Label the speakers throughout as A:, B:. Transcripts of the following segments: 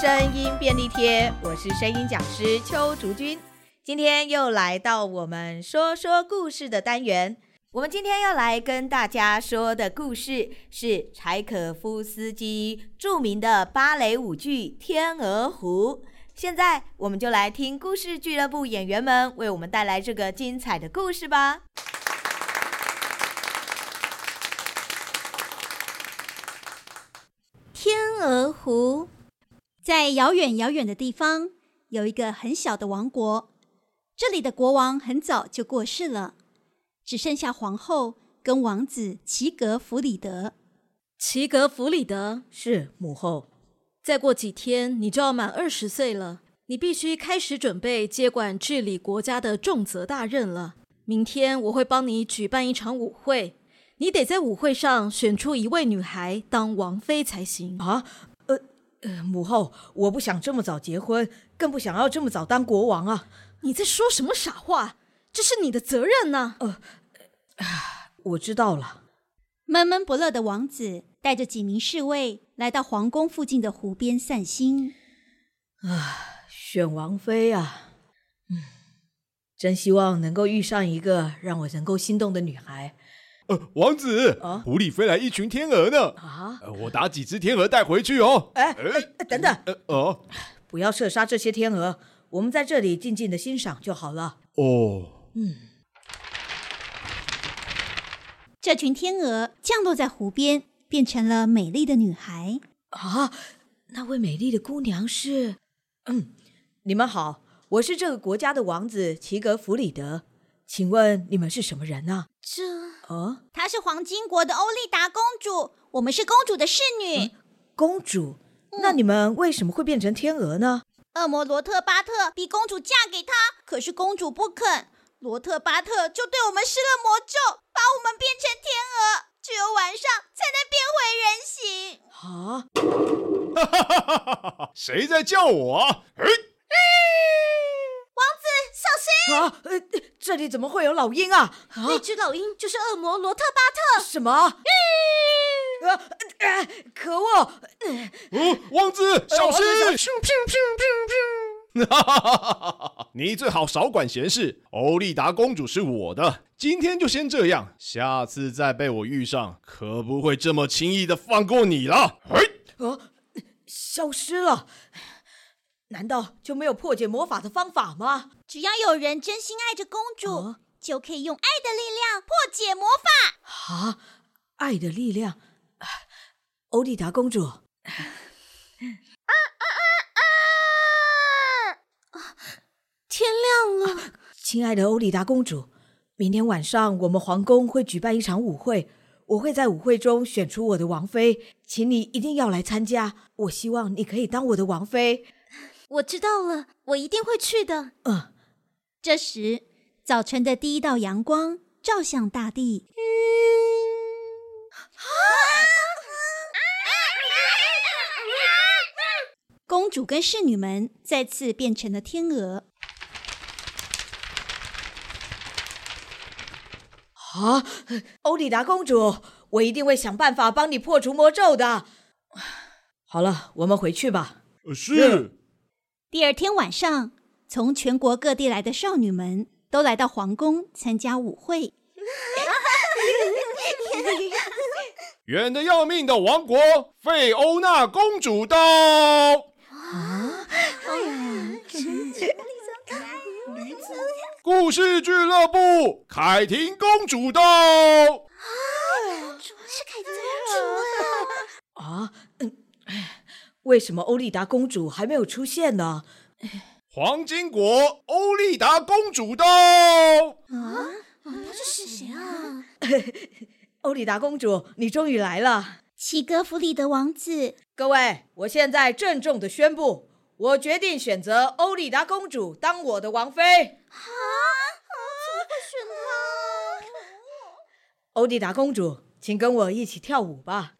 A: 聲音便利貼，我是聲音講師邱竹君，今天又來到我們說說故事的單元。我們今天要來跟大家說的故事是柴可夫斯基著名的芭蕾舞劇《天鵝湖》。現在我們就來聽故事俱樂部演員們為我們帶來這個精彩的故事吧。天鵝湖。
B: 在遙遠遙遠的地方，有一個很小的王國。這裡的國王很早就過世了，只剩下皇後跟王子齊格弗里德。齊格弗里德？是，母後。再過幾天，你就要滿二十歲了，你必須開始準備接管治理國家的重責大任了。
A: 明天我會幫你舉辦一場舞會，你得在舞會上選出一位女孩當王妃才行啊。呃，母後，我不想這麼早結婚，更不想要這麼早當國王啊！你在說什麼傻話？這是你的責任呢、啊呃。呃，啊，我知道了。悶悶不樂的王
B: 子帶着幾名侍衛來到皇宮附近的湖邊散心。
A: 啊、呃，選王妃啊，嗯，真希望能夠遇上一個讓我能夠心動的女孩。
C: 呃，王子，湖裡、哦、飛來一群天鵝呢。啊、呃，我打幾隻天鵝帶回去哦。哎哎，等等，呃哦、啊、
A: 不要射殺這些天鵝，我們在這裡靜靜的欣賞就好了。哦，嗯，這群天鵝降落在湖邊，變成了美麗的女孩。啊，那位美麗的姑娘是？嗯，你們好，我是這個國家的王子齊格弗里德，請問你們是什麼人呢、啊？這。啊！
B: 她是黃金國的歐麗達公主，我們是公主的侍女。嗯、公主？
A: 嗯、那你們為什麼會變成天鵝
B: 呢？惡魔羅特巴特逼公主嫁給他，可是公主不肯，羅特巴特就對我們施了魔咒，把我們變成天鵝，只有晚上才能變回人形。啊！
C: 誰在叫我？哎
A: 哎王子，小心！啊、呃，這裡怎麼會有老鷹啊？啊，那隻老鷹就是惡魔羅特巴特。什麼？嗯呃呃、可惡！王子，小心！
C: 你最好少管閒事，歐麗達公主是我的。今天就先這樣，下次再被我遇上，可不會這麼輕易的放過你了。嘿、哎
A: 啊，消失了。難道就沒有破解魔法的方法嗎？只要有人真心愛着公主，啊、
B: 就可以用愛的力量破解魔法。
A: 啊，愛的力量，啊、歐里達公主。啊啊啊啊！啊，天亮了。啊、親愛的歐里達公主，明天晚上我們皇宮會舉辦一場舞會，我會在舞會中選出我的王妃，請你一定要來參加。我希望你可以當我的王妃。我知道了，我一定會去的。呃、啊，這時早晨的第
B: 一道陽光照向大地。公主跟侍女們再次變成了天鵝。
A: 啊，歐里達公主，我一定會想辦法幫你破除魔咒的。好了，我們回去吧。是。嗯
B: 第二天晚上，從全國各地來的少女們都來到皇宮
C: 參加舞會。 遠得要命的王國，費歐娜公主到。啊！
B: 哎呀，真的？
C: 故事俱樂部，凱婷公主到。 啊、公
B: 主、啊、是凱婷公主
A: 啊？ 啊？嗯。為什麼歐麗達公主還沒有出現呢？黃金國歐麗達公主到啊！啊，這是誰啊？歐麗達公主，你終於來了！齊格弗里德王子，各位，我現在鄭重的宣布，我決定選擇歐麗達公主當我的王妃。啊，
B: 這、啊、怎麼會選
A: 她？啊、歐麗達公主，請跟我一起跳舞吧。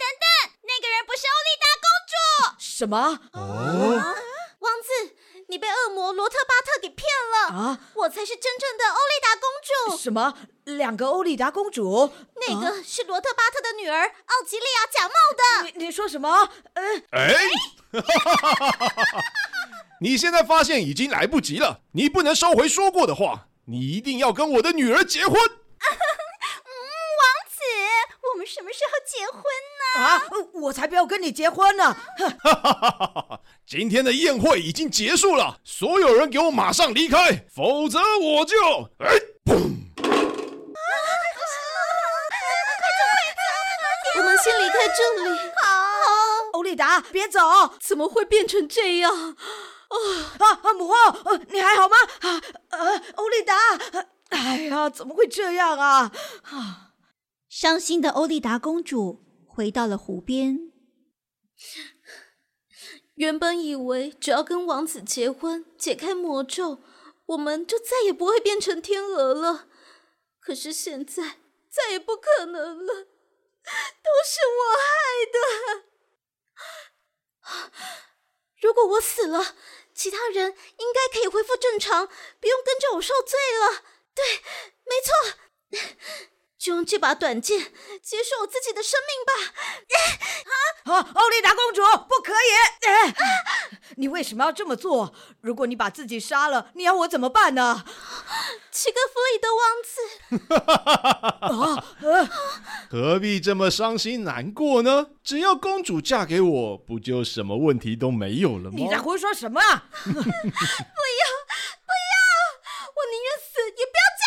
B: 什麼、哦啊？王子，你被惡魔羅特巴特給騙了啊！我才是真正的歐麗達公主。
A: 什麼？兩個歐麗達公主？那個是羅特巴特的女兒、啊、奧吉利亞假冒的。你你說什麼？嗯、
C: 哎，哎 你現在發現已經來不及了，你不能收回說過的話，你一定要跟我的女兒結婚。啊
B: 我們什麼時候結婚呢？啊！
A: 我才不要跟你結婚呢、啊！啊、哈，哈，
C: 哈，哈！今天的宴會已經結束了，所有人給我馬上離開，否則我就……哎！啊、我們先離開
A: 這裡。跑好，歐麗達，別走！怎麼會變成這樣？哦、啊啊啊！母後、呃，你還好嗎？啊啊、呃！歐麗達，哎呀，
B: 怎麼會這樣啊？啊！傷心的歐麗達公主回到了湖邊。原本以為只要跟王子結婚，解開魔咒，我們就再也不會變成天鵝了。可是現在，再也不可能了，都是我害的。如果我死了，其他人應該可以恢復正常，不用跟着我受罪了。對，沒錯。就用這把短劍結束我自己的生命吧！
A: 啊！奧利、啊、達公主，不可以！啊啊、你為什麼要這麼做？如果你把自己殺了，你要我怎麼辦呢、啊？齊格弗里德王子， 啊啊、
C: 何必這麼傷心難過呢？只要公主嫁給我，不就什麼問題都沒有了嗎？你在
A: 胡說什麼啊？ 不要，不要！我寧願死，也不要。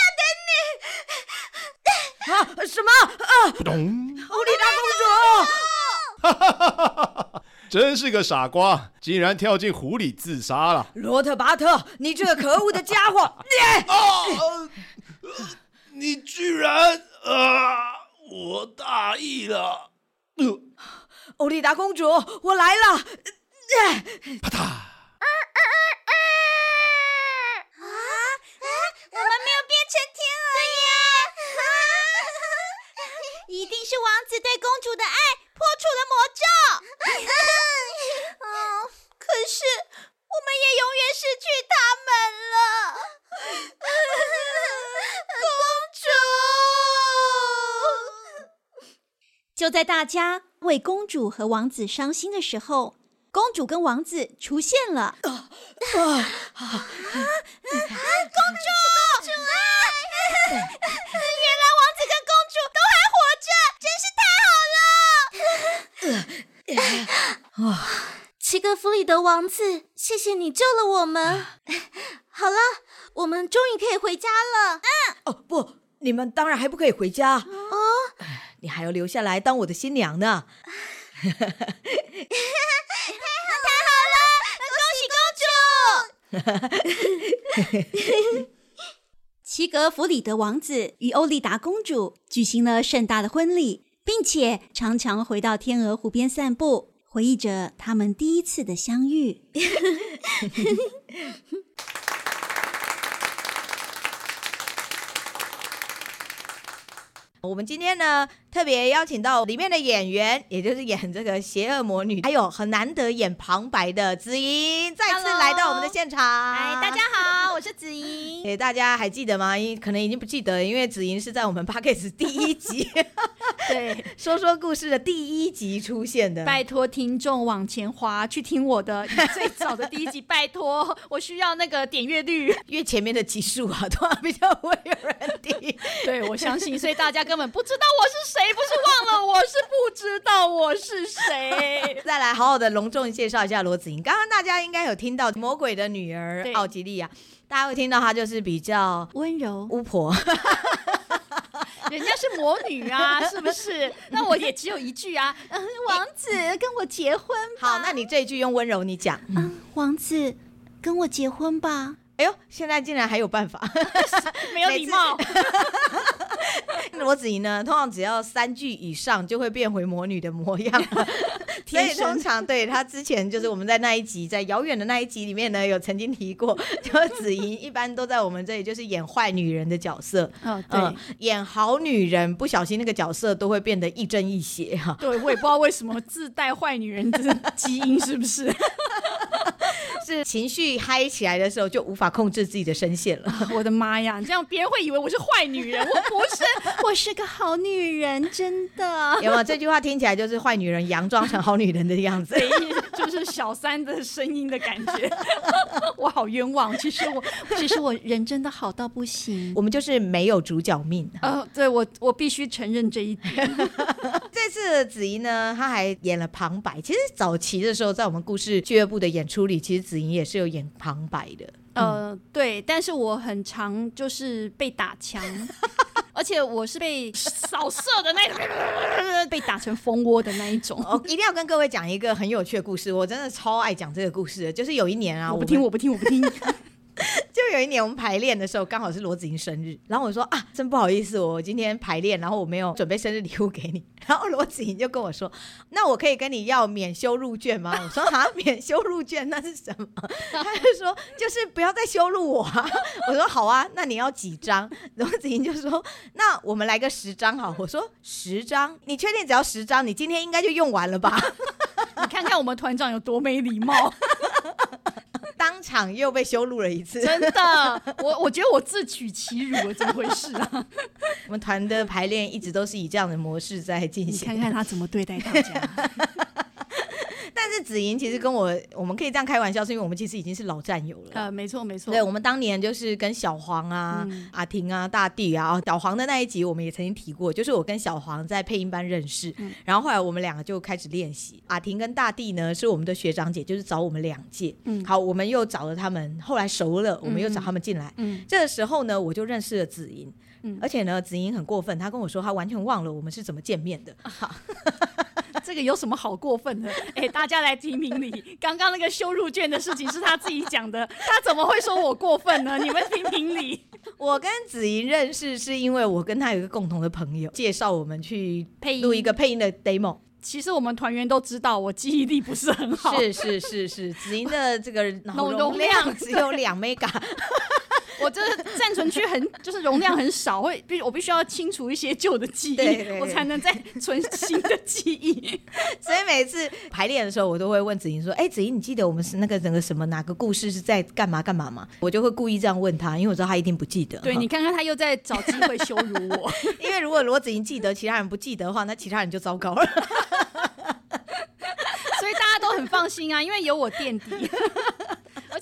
B: 啊！什麼？啊，咚！歐麗達公主，
C: 真是個傻瓜，竟然跳進湖裡自殺了。
A: 羅特巴特，你這個可惡的家伙，你、 呃啊！你居然啊！
C: 我大意了。
A: 呃、歐麗達公主，我來了。呃、啪嗒。
B: 王子對公主的愛破除了魔咒， 可是我們也永遠失去他們了。 公主！就在大家為公主和王子傷心的時候，公主跟王子出現了。 德王子，謝謝你
A: 救了我們。啊、 好
B: 了，
A: 我們終於可以回家了。啊、嗯、哦不，你們當然還不可以回家哦、呃，你還要留下來當我的新娘呢。
B: 太好了，太好了， 恭喜公主！哈哈哈哈哈。齊格弗里德王子與歐麗達公主舉行了盛大的婚禮，並且常常回到天鵝湖邊散步。回憶着他們第一次的相遇，
A: 我們今天呢，特別邀請到裡面的演員，也就是演這個邪惡魔女，還有很難得演旁白的紫瀅，再次來到我們的現場。哎，大家好，我是紫瀅。哎、欸，大家還記得嗎？因可能已經不記得，因為紫瀅是在我們 Podcast 第一集， 對， 對，說說故事的第一集出現的。拜託聽眾往前滑去聽我的
B: 最早的第一集，拜託，
A: 我需要那個點閱率， 因為前面的集數啊，都比較會有人聽。 對，我相信，所以大家根本不知道我是誰。誰不是忘了？我是不知道我是誰。 再來，好好的隆重介紹一下羅紫瀅。剛剛大家應該有聽到《魔鬼的女兒》對奧吉利亞，大家會聽到她就是比較溫柔巫婆。
B: 人家是魔女啊，是不是？ 那我也只有一句啊， 嗯，
A: 王子跟我結婚吧。好，那你這一句用溫柔你講，嗯，嗯，王子跟我結婚吧。哎呦，現在竟然還有辦法，
B: 沒有禮貌。每次
A: 羅紫瀅呢，通常只要三句以上就會變回魔女的模樣， 天生 所以通常對她之前就是我們在那一集，在遙遠的那一集裡面呢，有曾經提過，就是紫瀅一般都在我們這裡就是演壞女人的角色，哦、對、呃，演好女人不小心那個角色都會變得亦正亦邪哈，對我也不知道為什麼自帶壞女人的基因是不是。 是情緒嗨起來的時候，就無法控制自己的聲線了。哦、我的媽呀！你這樣別人會以為我是壞女人，我不是， 我是個好女人，真的。有沒有這句話聽起來就是壞女人佯裝成好女人的樣子，哎，
B: 就是小三的聲音的感覺。 我好冤枉，其實我其實我人真的好到不行。我們就是沒有主角命啊。哦、呃、對我我必須承認這一點。
A: 這次子怡呢，她還演了旁白。其實早期的時候，在我們故事劇樂部的演出裡，其實子怡你也是有演旁白的。呃，
B: 嗯、對，但是我很常就是被打槍，
A: 而且我是被掃射的那一種， 被打成蜂窩的那一種。 一定要跟各位講一個很有趣的故事，我真的超愛講這個故事。就是有一年啊，我不聽，我不聽，我不聽。 就有一年我們排練的時候，剛好是羅紫瀅生日，然後我說啊，真不好意思，我今天排練，然後我沒有準備生日禮物給你。然後羅紫瀅就跟我說：“那我可以跟你要免羞辱券嗎？”我說：“啊，免羞辱券那是什麼？”他就說：“就是不要再羞辱我啊！”我說：“好啊，那你要幾張？”羅紫瀅就說：“那我們來個十張好。”我說：“十張，你確定只要十張？你今天應該就用完了吧？ 你看看我們團長有多沒禮貌。”場又被羞辱了一次，真的，我我覺得我自取其辱，怎麼回事啊？ 我們團的排練一直都是以這樣的模式在進行，你看看他怎麼對待大家。 但是紫瀅，其實跟我，嗯、我們可以這樣開玩笑，是因為我們其實已經是老戰友了。呃、啊，沒錯，沒錯。對，我們當年就是跟小黃啊、嗯、阿婷啊、大地啊，小黃的那一集我們也曾經提過，就是我跟小黃在配音班認識，嗯、然後後來我們兩個就開始練習。阿婷跟大地呢是我們的學長姐，就是找我們兩屆。嗯，好，我們又找了他們，後來熟了，我們又找他們進來嗯。嗯，這個時候呢，我就認識了紫瀅。嗯，而且呢，紫瀅很過分，她跟我說她完全忘了我們是怎麼見面的。啊 這
B: 個有什麼好過分的？哎、欸，大家來評評理。剛剛那個羞辱卷的事情是他自己講
A: 的，他怎麼會說我過分呢？你們評評理。我跟紫瀅認識是因為我跟他有一個共同的朋友介紹我們去配錄一個配音的 demo。其實
B: 我們團員都知道我記憶力不是很好，是是是是，紫瀅的這個腦容量只有兩 mega。我就是暫存區很，就是容量很少，會必我必須要清除一些舊的記憶，對對對，我才能再存
A: 新的記憶。所以每次排練的時候，我都會問紫瀅說：“哎、欸，紫瀅，你記得我們是那個整個什麼哪個故事是在幹嘛幹嘛嗎？”我就會故意這樣問他，因為我知道他一定不記得。對呵你看看，他又在找機會羞辱我。 因為如果羅紫瀅記得，其他人不記得的話，那其他人就糟糕了。 所以大家都很放心啊，因為有我墊底。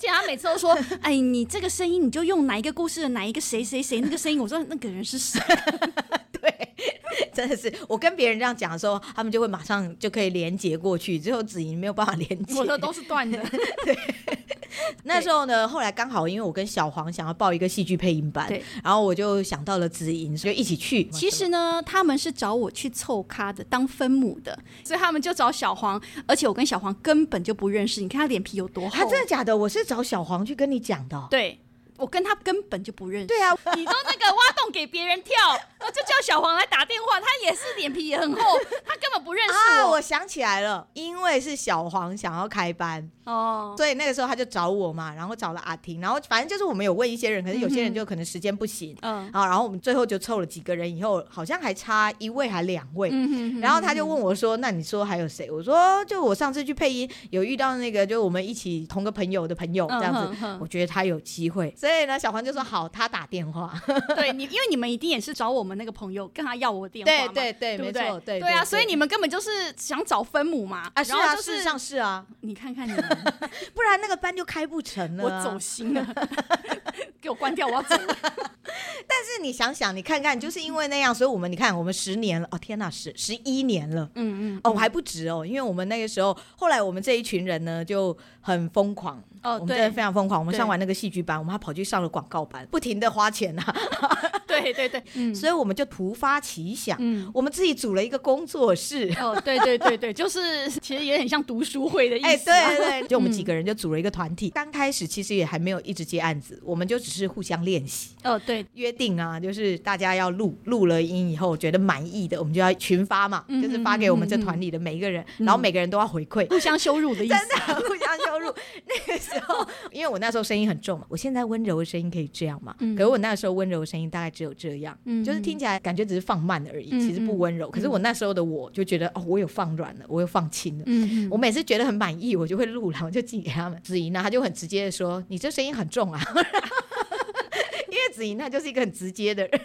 B: 而且他每次都說：“哎，你這個聲音，你就用哪一個故事的哪一個誰誰誰那個聲音。”我說：“那個人是
A: 誰？” 對，真的是。我跟別人這樣講的時候，他們就會馬上就可以連接過去。最後紫瀅沒有辦法連接，我的都是斷的。 對。那時候呢，對後來剛好因為我跟小黃想要報一個戲劇配音班，對然後我就想到了紫瀅，所以一起去。其實呢，他們是找我去湊咖的，當分母的，所以他們
B: 就找小黃。而且我跟小黃根本就不認識，你看他臉皮有多厚。他、啊、真的假的？我是找小
A: 黃去跟你講的、哦。對。我跟他根本就不認識。對啊，你
B: 都那個挖洞給別人跳，然後 就叫小黃來打電話，他也是臉皮也很厚，他根本不認識我。啊，我想
A: 起來了，因為是小黃想要開班哦，所以那個時候他就找我嘛，然後找了阿婷，然後反正就是我們有問一些人，可是有些人就可能時間不行，嗯，嗯，然後我們最後就湊了幾個人，以後好像還差一位還兩位，嗯、哼然後他就問我說：“那你說還有誰？”我說：“就我上次去配音有遇到那個，就我們一起同個朋友的朋友這樣子，嗯、哼我覺得他有機會。”對，那小黃就說好，嗯、他打電話。對你，因為你們一定也
B: 是找我們那個朋友跟他要我電話。對對對，沒錯，對對啊，所以你們根本就是想找
A: 分母嘛。啊，是啊，是啊，是
B: 啊。你看看你
A: 們， 不然那個班就開不成了。我走心了， 給我關掉，我要走。 但是你想想，你看看，就是因為那樣，所以我們你看，我們十年了，哦天哪，啊，十十一年了，嗯，嗯嗯，哦，還不止哦，因為我們那個時候，後來我們這一群人呢就很瘋狂。哦，oh, 我們真的非常瘋狂。對我們上完那個戲劇班，對我們還跑去上了廣告班，不停的花錢啊 對對對，所以我們就突發奇想，我們自己組了一個工作室。哦，對對對對，就是其實也很像讀書會的意思。哎，對對，就我們幾個人就組了一個團體。剛開始其實也還沒有一直接案子，我們就只是互相練習。哦，對，約定啊，就是大家要錄錄了音以後覺得滿意的，我們就要群發嘛，就是發給我們這團裡的每一個人，然後每個人都要回饋，互相羞辱的意思。真的，互相羞辱。那個時候，因為我那時候聲音很重嘛，我現在溫柔的聲音可以這樣嘛。可是我那時候溫柔的聲音大概只。只有這樣，嗯、哼就是聽起來感覺只是放慢了而已，嗯、哼其實不溫柔。可是我那時候的我就覺得、嗯、哼哦，我有放軟了，我有放輕了。嗯、哼我每次覺得很滿意，我就會錄，然後就寄給他們。紫瀅呢，他就很直接的說：“你這聲音很重啊。 ”紫瀅他就是一個很直接的人，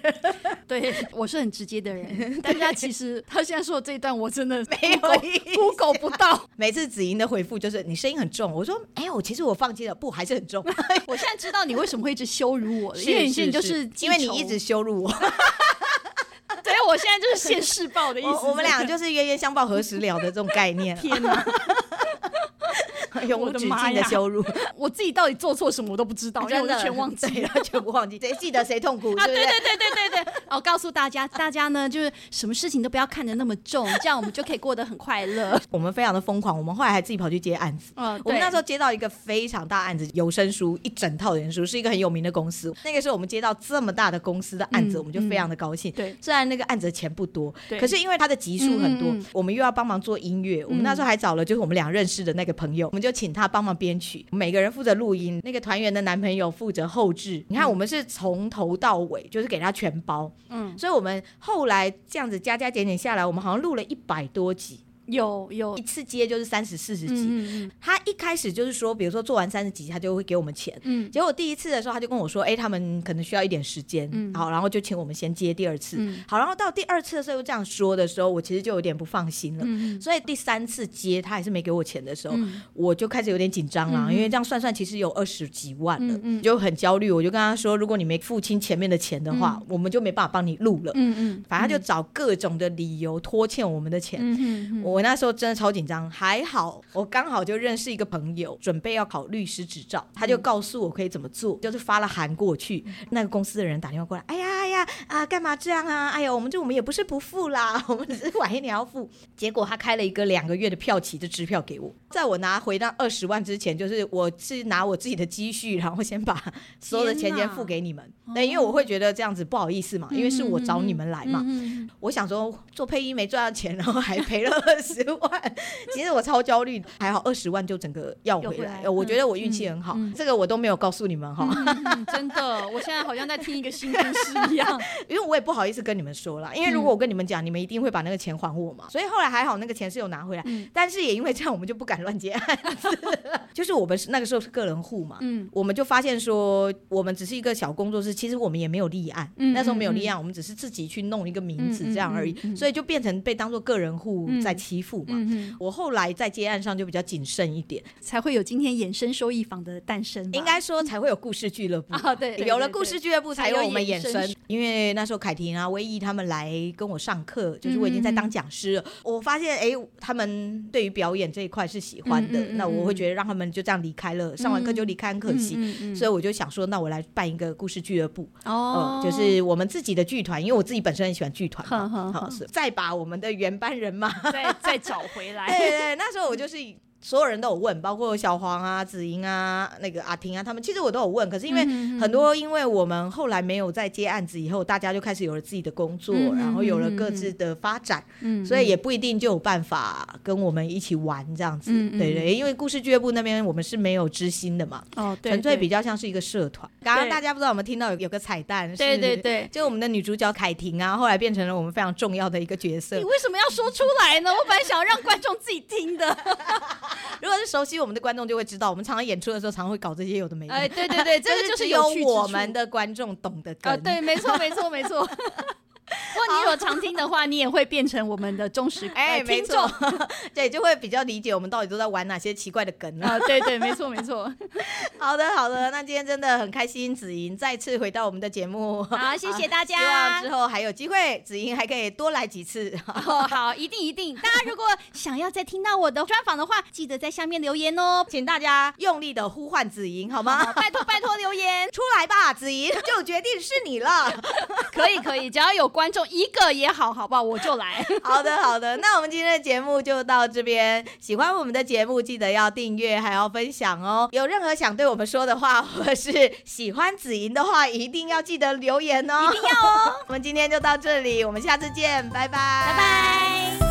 A: 對，我是很直接的人。 對但是，他其實他現在說的這一段，我真的 Go, 沒有 Google、啊、不到。每次紫瀅的回復就是你聲音很重，我說哎，我、欸、其實我放棄了，不還是很重。 我現在知道你為什麼會一直羞辱我，信不信就是因為你一直羞辱我。
B: 對，我現在就是現世報的意思， 我，我們倆就
A: 是冤冤相報何時了的這種概念。 天哪、啊！永無止境的羞辱，
B: 我自己到底做錯什麼我都不知道，然後我就全忘記了，
A: 全不忘記，誰記得誰痛苦啊？對對
B: 對對對對，我告訴大家，大家呢就是什麼事情都不要看得那麼重，這樣我們就可以過得很快樂。
A: 我們非常的瘋狂，我們後來還自己跑去接案子。嗯，我們那時候接到一個非常大案子，有聲書一整套的書，是一個很有名的公司。那個時候我們接到這麼大的公司的案子，我們就非常的高興。對，雖然那個案子的錢不多，可是因為它的集數很多，我們又要幫忙做音樂。我們那時候還找了就是我們倆認識的那個朋友，就請他幫忙編曲，每個人負責錄音，那個團員的男朋友負責後製。嗯、你看，我們是從頭到尾，就是給他全包。嗯，所以我們後來這樣子加加減減下來，我們好像錄了一百多集。有有一次接就是三十、四十幾，他一開始就是說，比如說做完三十幾他就會給我們錢。結果第一次的時候，他就跟我說：“哎，他們可能需要一點時間，好，然後就請我們先接第二次。”好，然後到第二次的時候又這樣說的時候，我其實就有點不放心了。所以第三次接他還是沒給我錢的時候，我就開始有點緊張了，因為這樣算算其實有二十幾萬了，就很焦慮。我就跟他說：“如果你沒付清前面的錢的話，我們就沒辦法幫你錄了。”反正他就找各種的理由拖欠我們的錢。我。我那時候真的超緊張，還好我剛好就認識一個朋友，準備要考律師執照，他就告訴我可以怎麼做，就是發了函過去，那個公司的人打電話過來，哎呀。啊，幹嘛這樣啊？哎呦，我們這我們也不是不付啦，我們只是晚一點要付。結果他開了一個兩個月的票期的支票給我，在我拿回那二十萬之前，就是我是拿我自己的積蓄，然後我先把所有的錢先付給你們。哪對，因為我會覺得這樣子不好意思嘛，哦、因為是我找你們來嘛。嗯嗯嗯、我想說做配音沒賺到錢，然後還賠了二十萬， 其實我超焦慮。還好二十萬就整個要回來，回來嗯、我覺得我運氣很好。嗯嗯、這個我都沒有告訴你們哈、哦嗯，
B: 真的、哦，我現在好
A: 像在聽一個新故事一樣。 因為我也不好意思跟你們說了，因為如果我跟你們講，你們一定會把那個錢還我嘛。所以後來還好，那個錢是有拿回來，但是也因為這樣，我們就不敢亂接案。就是我們是那個時候是個人戶嘛，我們就發現說，我們只是一個小工作室，其實我們也沒有立案，那時候沒有立案，我們只是自己去弄一個名字這樣而已，所以就變成被當作個人戶在欺負嘛。我後來在接案上就比較謹慎一點，才會有今天衍聲說藝坊的誕生。應該說才會有故事劇樂部，對，有了故事劇樂部才有我們衍聲。因為那時候凱婷啊、威毅他們來跟我上課，就是我已經在當講師了。嗯嗯我發現哎、欸，他們對於表演這一塊是喜歡的，嗯嗯嗯那我會覺得讓他們就這樣離開了，上完課就離開、嗯、很可惜。嗯嗯嗯所以我就想說，那我來辦一個故事俱樂部，哦、呃，就是我們自己的劇團，因為我自己本身很喜歡劇團嘛，呵呵呵好再把我們的原班人馬呵再再找回來。對對、 欸，那時候我就是。嗯所有人都有問，包括小黃啊、紫瀅啊、那個阿婷啊，他們其實我都有問。可是因為很多，因為我們後來沒有再接案子，以後嗯嗯嗯大家就開始有了自己的工作，嗯嗯嗯嗯嗯然後有了各自的發展，嗯嗯所以也不一定就有辦法跟我們一起玩這樣子，嗯嗯對，對對。因為故事劇樂部那邊我們是沒有支薪的嘛，哦，純粹比較像是一個社團。剛剛大家不知道我們聽到有有個彩蛋是，對，對對對，就我們的女主角凱婷啊，後來變成了我們非常重要的一個角色。你為
B: 什麼要說出
A: 來呢？ 我本來想要讓觀眾自己聽的。 如果是熟悉我們的觀眾就會知道，我們常常演出的時候常常會搞這些有的沒的、欸。對對對，這個就是有，有我們的觀眾懂得、呃。對，沒錯，沒錯，沒錯。 如果你如果常聽的話，好你也會變成我們的忠實聽眾。哎，沒錯， 對，就會比較理解我們到底都在玩哪些奇怪的梗了。啊、哦，對對，沒錯沒錯。好的好的，那今天真的很開心，紫瀅再次回到我們的節目。好，啊、謝謝大家，希望之後還有機會，紫瀅還可以多來幾次。哦、
B: 好，一定一定。大家如果想要再聽到我的專訪的話， 記得在下面留言哦，請大家用力的呼喚紫瀅好嗎？拜
A: 托拜托，拜托留言出來吧，紫瀅就決定是你了。 可以可以，只要有關。觀眾一個也好好好不好，我就來。 好的，好的，那我們今天的節目就到這邊。喜歡我們的節目，記得要訂閱，還要分享哦。有任何想對我們說的話，或者是喜歡紫瀅的話，一定要記得留言哦，一定要哦。 我們今天就到這裡，我們下次見，拜拜，拜拜。